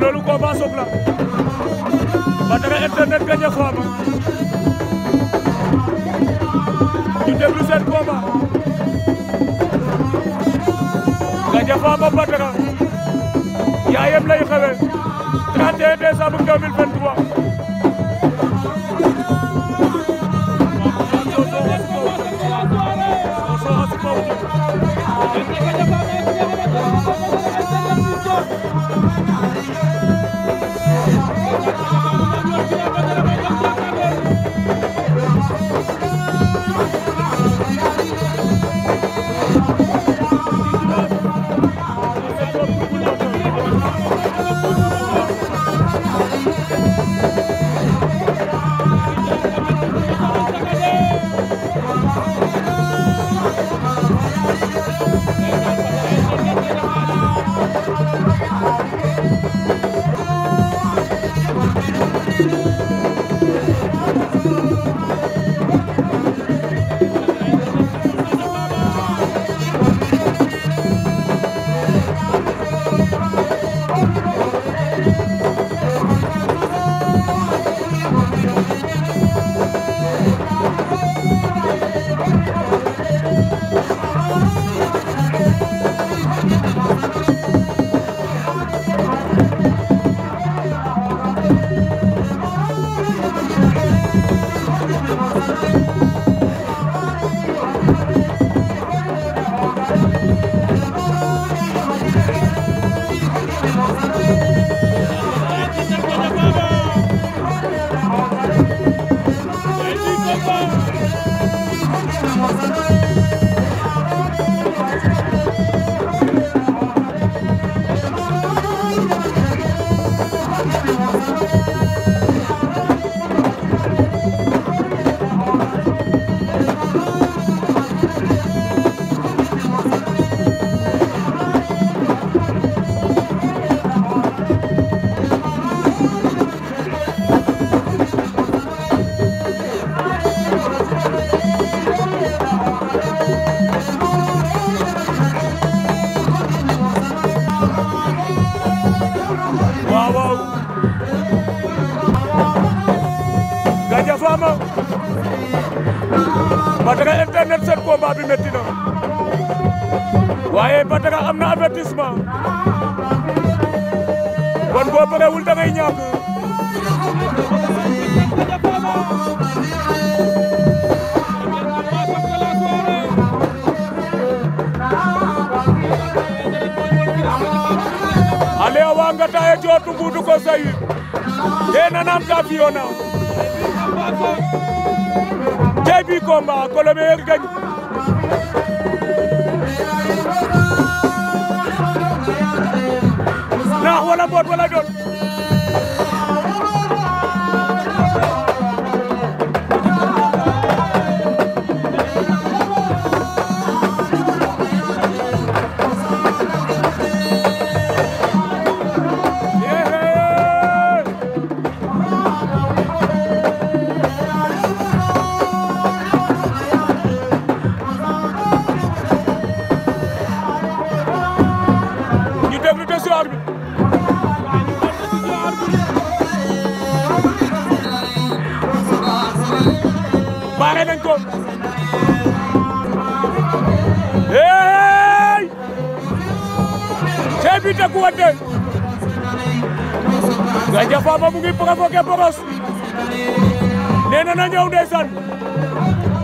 ta loolu combat Sokh la Badara internet gagné Fama ñu déglu seen combat gagné Fama Badara yaayam lay xewe 31 décembre 2023 Thank you. Thank you. ama Bataka internet seen bi metti na waaye Bataka am na avertissement kon boo bëggewul da ngay ñàkk ale awa nga taye cootu mbuudu ko sayu te nanam ka fiyona tey bii combat que le meilleur gagne naax wala mboot wala baare nañ ko hey cey bi takku wante Gandia Fama mu ngi provoqué Brosse nee na na ñëw ndeysaan